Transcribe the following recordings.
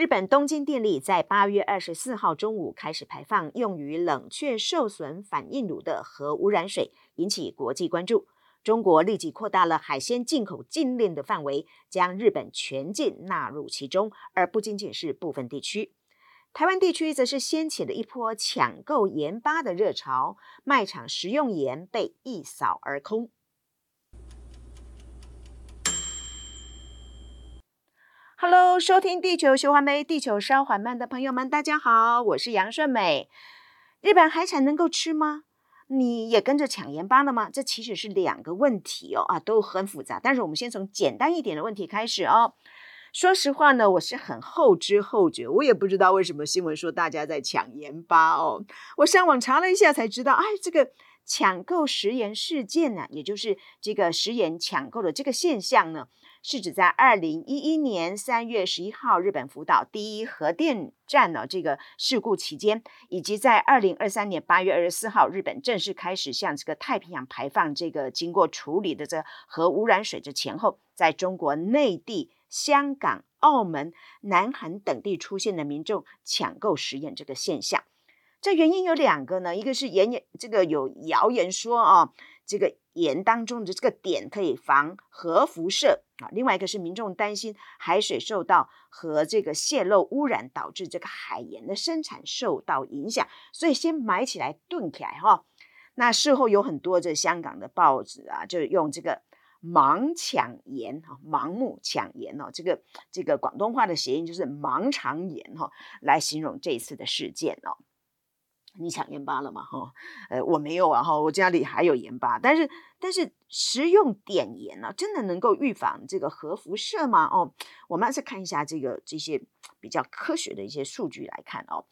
日本東京電力在八月二十四號中午開始排放用於冷卻受損反應爐的核污染水，引起國際關注。中國立即擴大了海鮮進口禁令的範圍，將日本全境納入其中，而不僅僅是部分地區。台灣地區則是掀起了一波搶購鹽巴的熱潮，賣場食用鹽被一掃而空。Hello，收聽《地球循環》杯，地球稍緩慢的朋友們，大家好，我是楊順美。日本海產能夠吃嗎？你也跟着搶鹽巴了嗎？這其實是兩個問題哦，啊，都很複雜。但是我們先從簡單一點的問題開始哦。說實話呢，我是很後知後覺，我也不知道為什麼新聞說大家在搶鹽巴哦。我上網查了一下才知道，哎，這個搶購食鹽事件呢、啊，也就是這個食鹽搶購的這個現象呢。是指在二零一一年三月十一號日本福島第一核電站的這個事故期間，以及在二零二三年八月二十四號日本正式開始向這個太平洋排放這個經過處理的這核污染水的前後，在中國內地、香港、澳門、南韓等地出現的民眾搶購食鹽這個現象。這原因有兩個呢，一個是謠言，這個有謠言說啊、哦，這個鹽當中的這個碘可以防核輻射啊。另外一個，是民眾擔心海水受到核這個洩漏污染，導致這個海鹽的生產受到影響，所以先買起來囤起來哈、哦。那事後有很多這香港的報紙啊，就用這個“盲搶鹽”哈，盲目搶鹽哦，這個這個廣東話的諧音就是“盲腸炎、哦”哈，來形容這一次的事件哦。你搶鹽巴了嗎？哈、哦，呃，我沒有啊，哈、哦，我家裡還有鹽巴。但是，但是食用碘鹽啊，真的能夠預防這個核輻射嗎？哦，我們還是看一下這個這些比較科學的一些數據來看哦。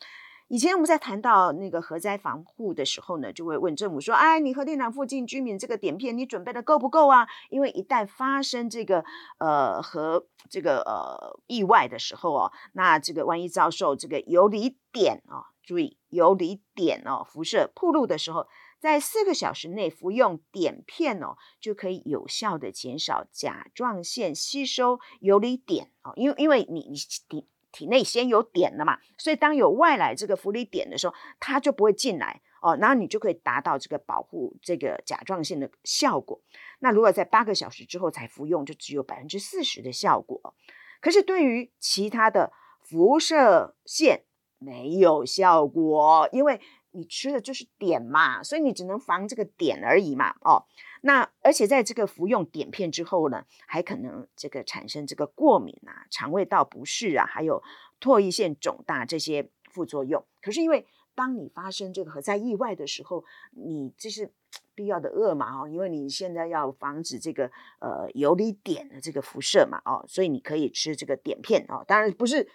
以前我們在談到那個核災防護的時候呢，就會問政府說，哎，你核電廠附近居民這個碘片你準備的夠不夠啊？因為一旦發生這個呃核這個呃意外的時候哦，那這個萬一遭受這個游離碘啊、哦。注意游離碘哦，輻射暴露的時候，在四個小時內服用碘片哦，就可以有效的減少甲狀腺吸收游離碘哦，因為因為你你體體內先有碘了嘛，所以當有外來這個游離碘的時候，它就不會進來哦，然後你就可以達到這個保護這個甲狀腺的效果。那如果在八個小時之後才服用，就只有百分之四十的效果哦。可是對於其他的輻射線，沒有效果，因為你吃的就是碘嘛，所以你只能防這個碘而已嘛。哦，那而且在這個服用碘片之後呢，還可能這個產生這個過敏啊、腸胃道不適啊，還有唾液腺腫大這些副作用。可是因為當你發生這個核災意外的時候，你這是必要的惡嘛，哦，因為你現在要防止這個呃游離碘的這個輻射嘛，哦，所以你可以吃這個碘片哦，當然不是。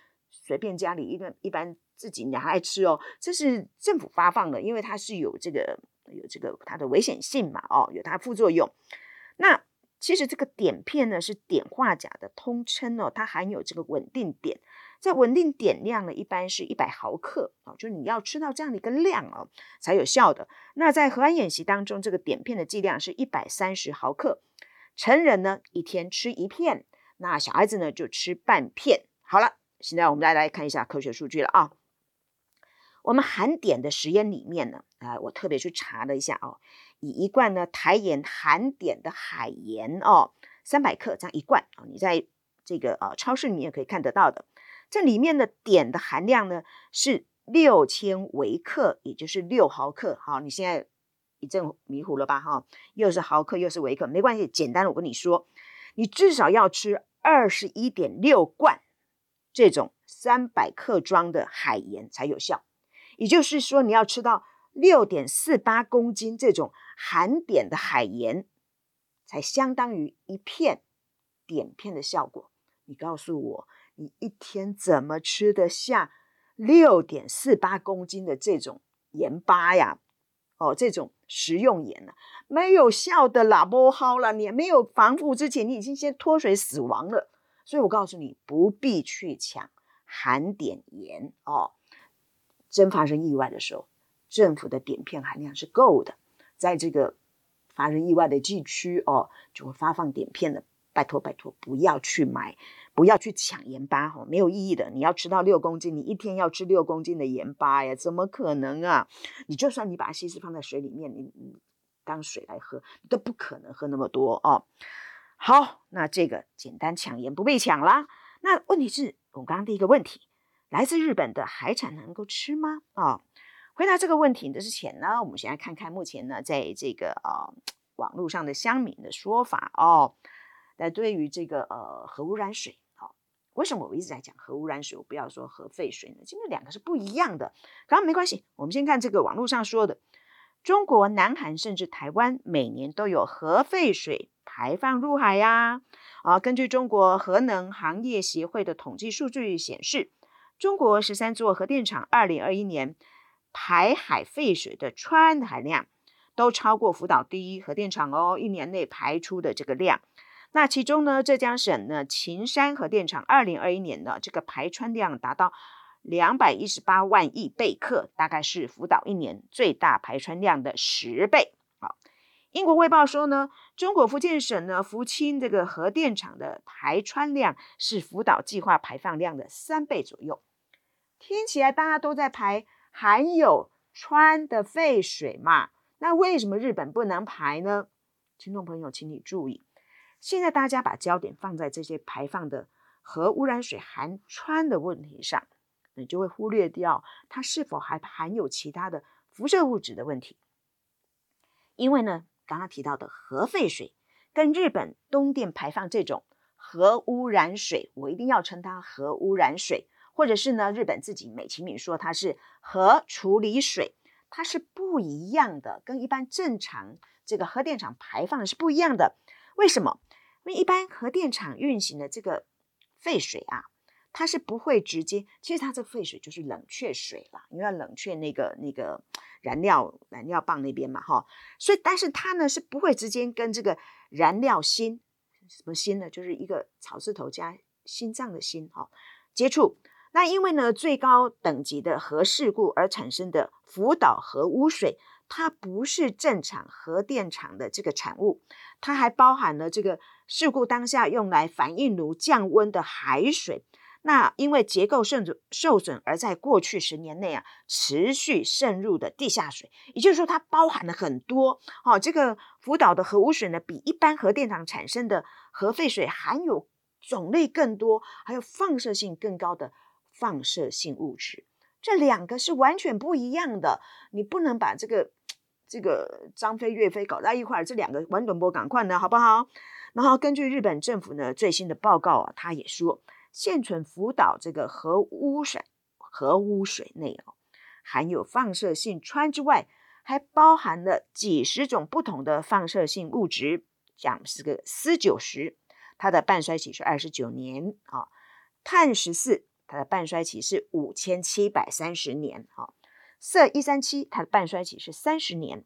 隨便家裡一個一般自己拿來愛吃哦，這是政府發放的，因為它是有這個有這個它的危險性嘛，哦，有它副作用。那其實這個碘片呢是碘化鉀的通稱哦，它含有這個穩定碘，在穩定碘量呢一般是一百毫克啊，就是你要吃到這樣的一個量哦才有效的。那在核安演習當中，這個碘片的劑量是一百三十毫克，成人呢一天吃一片，那小孩子呢就吃半片。好了。現在我們來來看一下科學數據了啊。我們含碘的食鹽裡面呢，哎，我特別去查了一下哦，以一罐呢台鹽含碘的海鹽哦，三百克這樣一罐啊，你在這個呃、啊、超市裡面也可以看得到的。這裡面的碘的含量呢是六千微克，也就是六毫克。好，你現在一陣迷糊了吧哈？又是毫克又是微克，沒關係，簡單的我跟你說，你至少要吃二十一點六罐。這種三百克裝的海鹽才有效，也就是說，你要吃到六點四八公斤這種含碘的海鹽，才相當於一片碘片的效果。你告訴我，你一天怎麼吃得下六點四八公斤的這種鹽巴呀？哦，這種食用鹽呢、啊，沒有效的啦，不好了，你沒有防護之前，你已經先脫水死亡了。所以我告訴你，不必去搶含碘鹽哦。真發生意外的時候，政府的碘片含量是夠的，在這個發生意外的地區哦，就會發放碘片的。拜托拜托，不要去買，不要去搶鹽巴哈，哦，沒有意義的。你要吃到六公斤，你一天要吃六公斤的鹽巴呀？怎麼可能啊？你就算你把它稀釋放在水裡面，你你當水來喝，都不可能喝那麼多哦。好，那這個簡單搶鹽不被搶啦。那問題是，我們剛剛第一個問題，來自日本的海產能夠吃嗎？哦，回答這個問題之前呢，我們先來看看目前呢在這個呃、哦、網絡上的鄉民的說法哦。那對於這個呃核污染水，好、哦，為什麼我一直在講核污染水，我不要說核廢水呢？因為兩個是不一樣的。剛剛沒關係，我們先看這個網絡上說的，中國、南韓甚至台灣每年都有核廢水。排放入海呀！啊，根據中國核能行業協會的統計數據顯示，中國十三座核電廠二零二一年排海廢水的氚含量都超過福島第一核電廠哦，一年內排出的這個量。那其中呢，浙江省呢秦山核電廠二零二一年的這個排氚量達到兩百一十八萬億貝克，大概是福島一年最大排氚量的十倍。好、哦。英國《衛報》說呢，中國福建省呢福清這個核電廠的排氚量是福島計劃排放量的三倍左右。聽起來大家都在排含有氚的廢水嘛，那為什麼日本不能排呢？聽眾朋友，請你注意，現在大家把焦點放在這些排放的核污染水含氚的問題上，你就會忽略掉它是否還含有其他的輻射物質的問題，因為呢。剛剛提到的核廢水，跟日本東電排放這種核污染水，我一定要稱它核污染水，或者是呢，日本自己美其名說它是核處理水，它是不一樣的，跟一般正常這個核電廠排放的是不一樣的。為什麼？因為一般核電廠運行的這個廢水啊。它是不會直接，其實它這個廢水就是冷卻水啦，因為要冷卻那個那個燃料燃料棒那邊嘛，哈、哦。所以，但是它呢是不會直接跟這個燃料芯，什麼芯呢？就是一個草字頭加心臟的芯，哈、哦。接觸。那因為呢，最高等級的核事故而產生的福島核污水，它不是正常核電廠的這個產物，它還包含了這個事故當下用來反應爐降溫的海水。那因為結構滲入受損，而在過去十年內啊，持續滲入的地下水，也就是說，它包含了很多哦，這個福島的核污水呢，比一般核電廠產生的核廢水含有種類更多，還有放射性更高的放射性物質。這兩個是完全不一樣的，你不能把這個這個張飛岳飛搞到一塊兒。這兩個完全不趕快呢，好不好？然後根據日本政府呢最新的報告啊，他也說。現存福島這個核污水，核污水內哦，含有放射性氚之外，還包含了幾十種不同的放射性物質。像是個鍶九十，它的半衰期是二十九年啊；碳十四，它的半衰期是五千七百三十年啊；銫一三七，它的半衰期是三十年；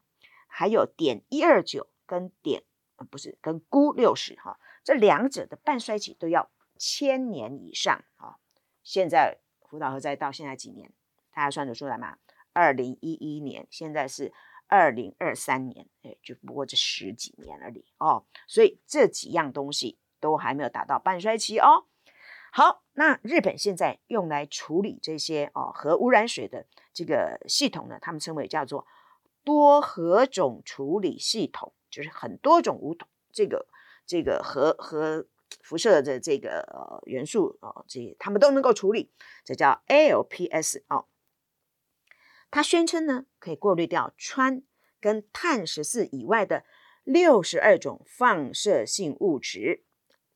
還有碘一二九跟碘，啊、不是跟鈷六十哈，這兩者的半衰期都要。千年以上啊、哦！現在福島核災到現在幾年？大家算得出來嗎？二零一一年，現在是二零二三年，哎，只不過這十幾年而已哦。所以這幾樣東西都還沒有達到半衰期哦。好，那日本現在用來處理這些哦核污染水的這個系統呢，他們稱為叫做多核種處理系統，就是很多種這個這個核核。輻射的這個元素啊、哦，這些他們都能夠處理，這叫 ALPS 哦。他宣稱呢，可以過濾掉氚跟碳十四以外的六十二種放射性物質，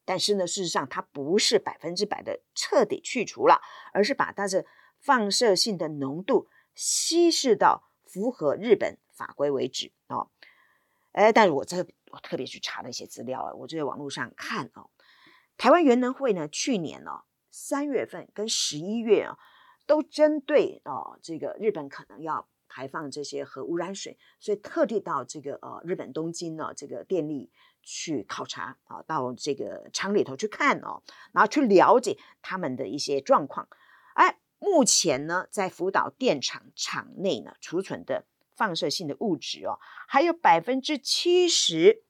但是呢，事實上它不是百分之百的徹底去除了，而是把它的放射性的濃度稀釋到符合日本法規為止啊。哎、哦，但是我這我特別去查了一些資料啊，我就在網絡上看啊、哦。台灣原能會呢，去年呢、哦、三月份跟十一月啊、哦，都針對哦這個日本可能要排放這些核污染水，所以特地到這個呃、哦、日本東京呢、哦、這個電力去考察啊，到這個廠裡頭去看哦，然後去了解他們的一些狀況。哎，目前呢在福島電廠廠內呢儲存的放射性的物質哦，還有百分之七十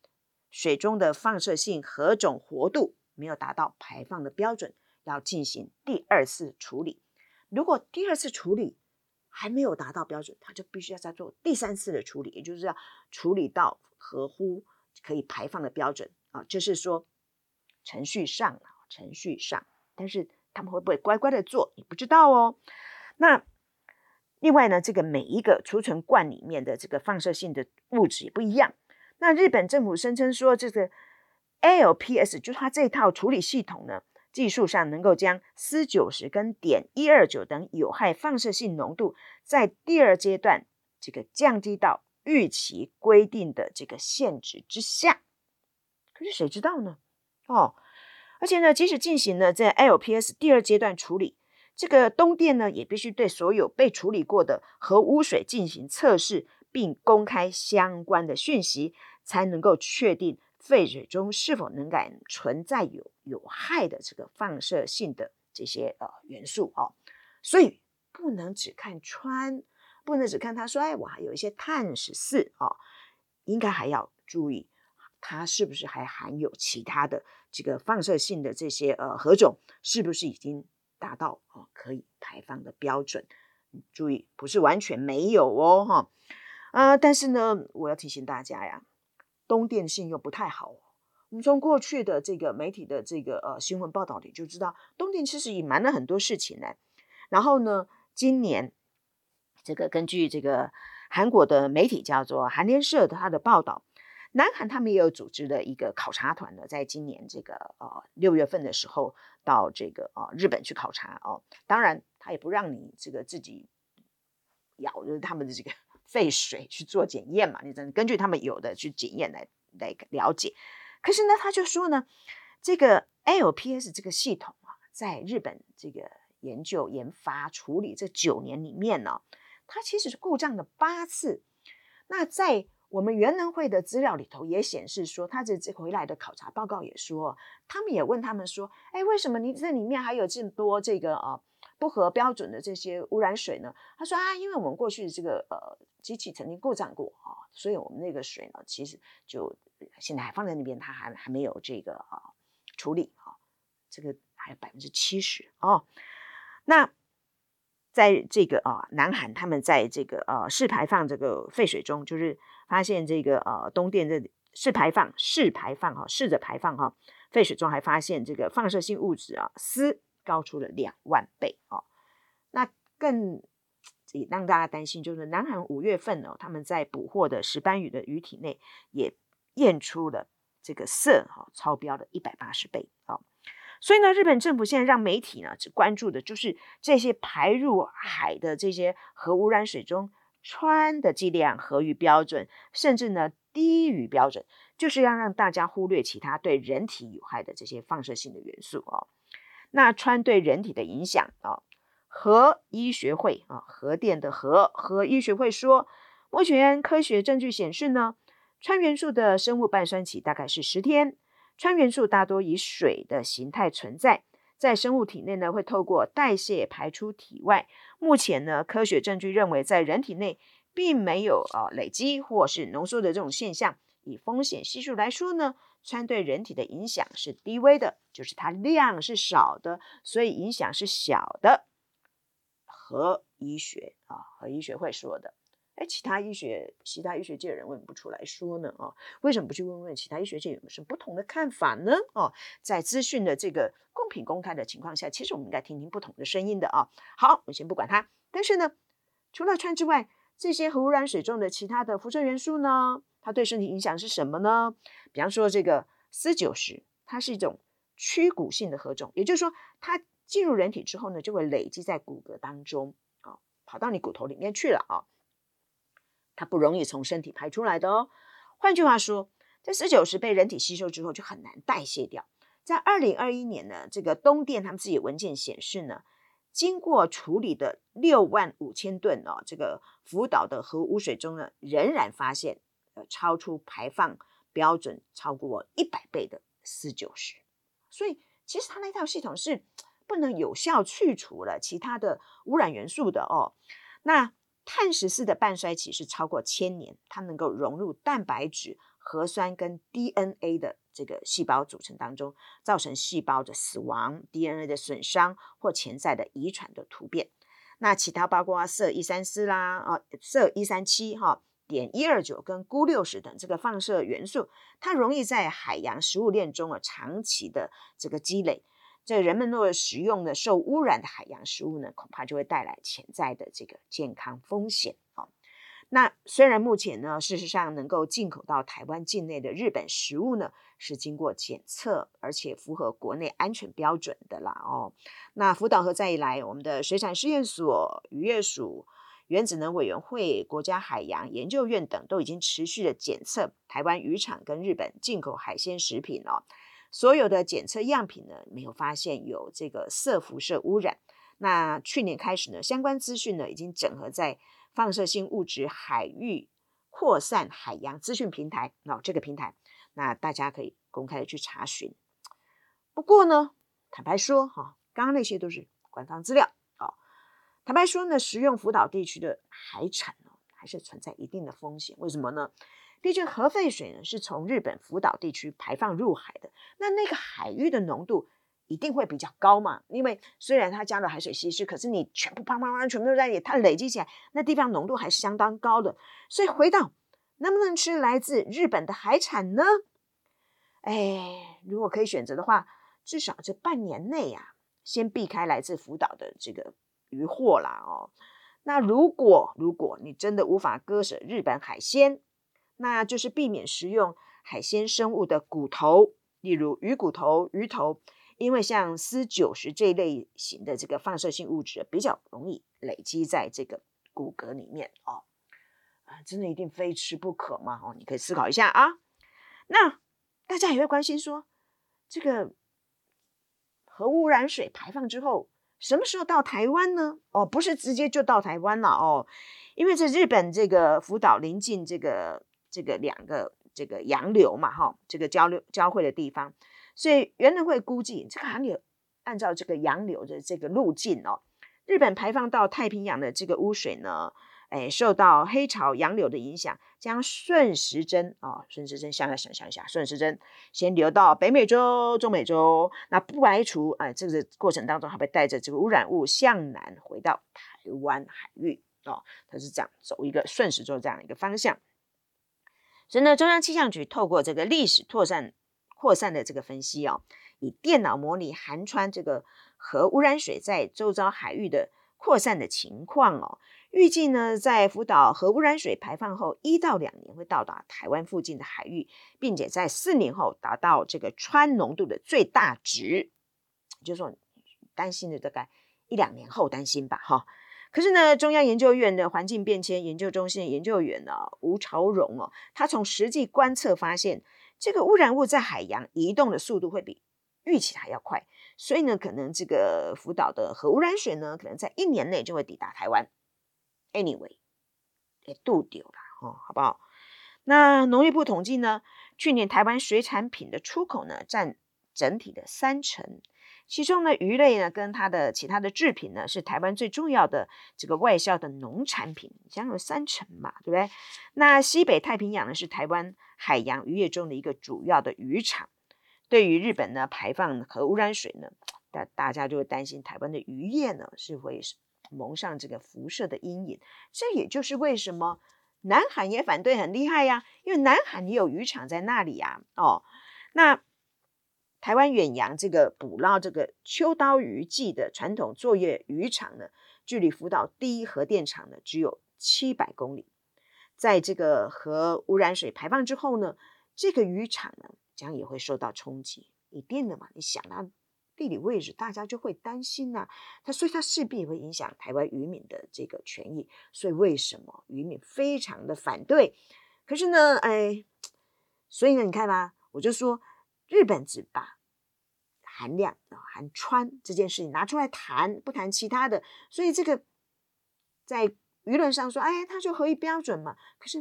水中的放射性核種活度。沒有達到排放的標準，要進行第二次處理。如果第二次處理還沒有達到標準，他就必須要再做第三次的處理，也就是要處理到合乎可以排放的標準啊。就是說程序上啊，程序上，但是他們會不會乖乖的做，你不知道哦。那另外呢，這個每一個儲存罐裡面的這個放射性的物質也不一樣。那日本政府聲稱說這個。LPS 就是它這套處理系統呢，技術上能夠將鍶九十跟碘一二九等有害放射性濃度，在第二階段這個降低到預期規定的這個限值之下。可是誰知道呢？哦，而且呢，即使進行了在 LPS 第二階段處理，這個東電呢也必須對所有被處理過的核污水進行測試，並公開相關的訊息，才能夠確定。廢水中是否能夠存在有有害的這個放射性的這些呃元素哦，所以不能只看氚，不能只看他說，哎，我還有一些碳十四哦，應該還要注意，它是不是還含有其他的這個放射性的這些呃核種，是不是已經達到哦可以排放的標準？注意，不是完全沒有哦哈，呃，但是呢，我要提醒大家呀。東電信用不太好，哦。我們從過去的這個媒體的這個呃新聞報道裡就知道，東電其實隱瞞了很多事情呢。然後呢，今年這個根據這個韓國的媒體叫做韓聯社的他的報道，南韓他們也有組織的一個考察團呢，在今年這個呃六月份的時候到這個啊、呃、日本去考察哦。當然，他也不讓你這個自己咬着，就是、他們的這個。廢水去做檢驗嘛？你只能根據他們有的去檢驗來來了解。可是呢，他就說呢，這個 ALPS 這個系統啊，在日本這個研究研發處理這九年裡面呢、哦，它其實是故障了八次。那在我們原能會的資料裡頭也顯示說，他這這回來的考察報告也說，他們也問他們說，哎，為什麼你這裡面還有這麼多這個啊、哦？.不合標準的這些污染水呢？他說啊，因為我們過去的這個呃機器曾經故障過啊、哦，所以我們那個水呢，其實就現在還放在那邊，它還還沒有這個啊、哦、處理啊、哦，這個還有百分之七十哦。那在這個啊、哦，南韓他們在這個呃試排放這個廢水中，就是發現這個呃東電這裡試排放、試排放哈、試着排放哈廢、哦、水中還發現這個放射性物質啊鍶。哦。高出了兩萬倍哦，那更也讓大家擔心，就是南韓五月份呢、哦，他們在捕獲的石斑魚的魚體內也驗出了這個銫哈、哦、超標的一百八十倍啊、哦！所以呢，日本政府現在讓媒體呢只關注的就是這些排入海的這些核汙染水中氚的劑量，合於標準，甚至呢低於標準，就是要讓大家忽略其他對人體有害的這些放射性的元素哦。那氚對人體的影響啊，核醫學會啊，核電的核，核醫學會說，目前科學證據顯示呢，氚元素的生物半衰期大概是十天，氚元素大多以水的形態存在，在生物體內呢，會透過代謝排出體外。目前呢，科學證據認為在人體內並沒有啊累積或是濃縮的這種現象。以風險係數來說呢。氚對人體的影響是低微的，就是它量是少的，所以影響是小的。核醫學啊、哦，核醫學會說的，哎，其他醫學其他醫學界的人為什麼不出來說呢？哦，為什麼不去問問其他醫學界有什麼不同的看法呢？哦，在資訊的這個公平公開的情況下，其實我們應該聽聽不同的聲音的啊、哦。好，我們先不管它。但是呢，除了氚之外，這些核污染水中的其他的輻射元素呢？它對身體影響是什麼呢？比方說，這個鍶九十，它是一種趨骨性的核種，也就是說，它進入人體之後呢，就會累積在骨骼當中啊、哦，跑到你骨頭裡面去了啊、哦。它不容易從身體排出來的哦。換句話說，在鍶九十被人體吸收之後，就很難代謝掉。在二零二一年呢，這個東電他們自己的文件顯示呢，經過處理的六萬五千噸哦，這個福島的核污水中呢，仍然發現，超出排放標準超過一百倍的鍶九十，所以其實它那套系統是不能有效去除了其他的污染元素的哦。那碳十四的半衰期是超過千年，它能夠融入蛋白質、核酸跟 DNA 的這個細胞組成當中，造成細胞的死亡、DNA 的損傷或潛在的遺傳的突變。那其他包括銫一三四啦，啊，銫一三七哈。碘一二九跟鈷六十等這個放射元素，它容易在海洋食物鏈中啊長期的這個積累，這人們若食用的受污染的海洋食物呢，恐怕就會帶來潛在的這個健康風險哦。那雖然目前呢，事實上能夠進口到台灣境內的日本食物呢，是經過檢測而且符合國內安全標準的啦哦。那福島核災以來，我們的水產試驗所、漁業署。原子能委員會、國家海洋研究院等都已經持續的檢測台灣漁場跟日本進口海鮮食品了、哦。所有的檢測樣品呢，沒有發現有這個色輻射污染。那去年開始呢，相關資訊呢已經整合在放射性物質海域擴散海洋資訊平台、哦。那這個平台，那大家可以公開的去查詢。不過呢，坦白說哈，剛剛那些都是官方資料。坦白說呢，食用福島地區的海產哦，還是存在一定的風險。為什麼呢？畢竟核廢水呢是從日本福島地區排放入海的，那那個海域的濃度一定會比較高嘛。因為雖然它加了海水稀釋，可是你全部砰砰砰，全部都在裡，它累積起來，那地方濃度還是相當高的。所以回到能不能吃來自日本的海產呢？哎，如果可以選擇的話，至少這半年內呀、啊，先避開來自福島的這個。魚貨啦，哦，那如果，如果你真的無法割捨日本海鮮，那就是避免食用海鮮生物的骨頭，例如魚骨頭、魚頭，因為像鍶90這一類型的這個放射性物質比較容易累積在這個骨骼裡面哦。啊，真的一定非吃不可嗎？哦，你可以思考一下啊。那大家也會關心說，這個核污染水排放之後，什麼時候到台灣呢？哦，不是直接就到台灣了哦，因為這日本這個福島臨近這個這個兩個這個洋流嘛、哦，哈，這個交流交匯的地方，所以原來會估計這個洋流，按照這個洋流的這個路徑哦，日本排放到太平洋的這個污水呢？哎，受到黑潮洋流的影響將順時針啊，順時針，哦、順時針向下想象一下，順時針先流到北美洲、中美洲，那不排除啊，這個過程當中，它會帶着這個污染物向南回到台灣海域，哦，它是這樣走一個順時針這樣的一個方向。所以呢，中央氣象局透過這個歷史擴散擴散的這個分析哦，以電腦模擬橫穿這個核污染水在周遭海域的。擴散的情況哦，預計呢，在福島核汙染水排放後一到兩年會到達台灣附近的海域，並且在四年後達到這個氚濃度的最大值，就是、說擔心的大概一兩年後擔心吧，哈、哦。可是呢，中央研究院的環境變遷研究中心的研究員呢、啊，吳朝榮哦、啊，他從實際觀測發現，這個污染物在海洋移動的速度會比預期還要快。所以呢，可能這個福島的核污染水呢，可能在一年內就會抵達台灣。Anyway，哎，杜掉了哦，好不好？那農業部統計呢，去年台灣水產品的出口呢，占整體的三成。其中呢，魚類呢，跟它的其他的製品呢，是台灣最重要的這個外銷的農產品，將有三成嘛，對不對？那西北太平洋呢，是台灣海洋漁業中的一個主要的漁場。對於日本呢，排放核污染水呢，大大家就會擔心台灣的漁業呢，是會蒙上這個輻射的陰影。這也就是為什麼南韓也反對很厲害呀，因為南韓也有漁場在那裡呀。哦，那台灣遠洋這個捕撈這個秋刀魚季的傳統作業漁場呢，距離福島第一核電廠呢，只有七百公里，在這個核污染水排放之後呢，這個漁場呢。這樣也會受到衝擊，一定的嘛。你想啊，地理位置，大家就會擔心吶、啊。他所以，他勢必也會影響台灣漁民的這個權益。所以，為什麼漁民非常的反對？可是呢，哎，所以呢，你看嘛，我就說日本只把含量啊、含氚這件事情拿出來談，不談其他的。所以，這個在輿論上說，哎，他就合乎標準嘛。可是。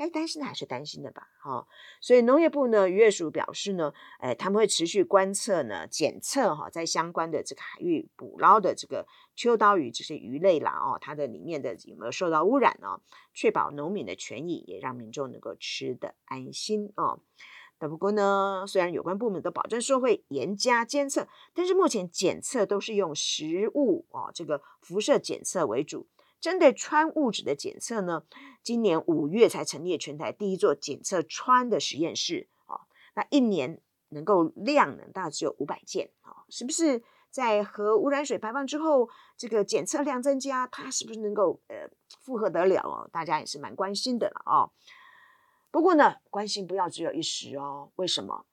該擔心的還是擔心的吧，哈、哦。所以農業部呢，漁業署表示呢，哎，他們會持續觀測呢，檢測哈，在相關的這個海域捕撈的這個秋刀魚這些魚類啦，哦，它的裡面的有沒有受到污染，哦。確保農民的權益，也讓民眾能夠吃得安心哦。那不過呢，雖然有關部門都保證說會嚴加監測，但是目前檢測都是用食物哦，這個輻射檢測為主。針對氚物質的檢測呢，今年五月才成立全台第一座檢測氚的實驗室啊、哦。那一年能夠量呢，大概只有五百件啊、哦。是不是在核污染水排放之後，這個檢測量增加，它是不是能夠呃負荷得了哦？大家也是蠻關心的了啊、哦。不過呢，關心不要只有一時哦。為什麼？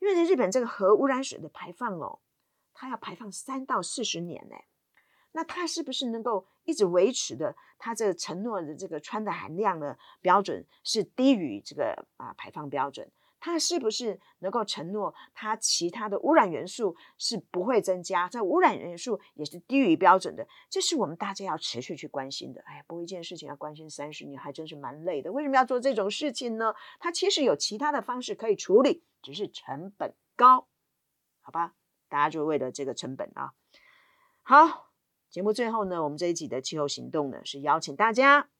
因為呢，日本這個核污染水的排放哦，它要排放三到四十年呢。那它是不是能夠？一直維持的，它這個承諾的這個氚的含量的標準是低於這個啊排放標準。它是不是能夠承諾它其他的污染元素，是不會增加？在污染元素也是低於標準的，這是我們大家要持續去關心的。哎，不過一件事情要關心三十年，還真是蠻累的。為什麼要做這種事情呢？它其實有其他的方式可以處理，只是成本高，好吧？大家就為了這個成本啊。好。節目最後呢，我們這一集的氣候行動呢，是邀請大家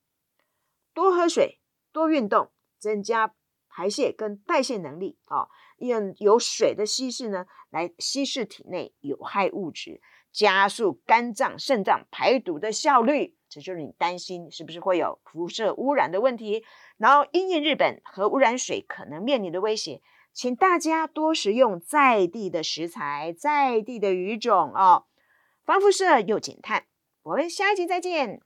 多喝水、多運動，增加排泄跟代謝能力啊，用、哦、有水的稀釋呢，來稀釋體內有害物質，加速肝臟、腎臟排毒的效率。這就是你擔心是不是會有輻射污染的問題？然後因應日本核污染水可能面臨的威脅，請大家多食用在地的食材、在地的魚種啊。哦防輻射又減碳，我們下一期再見。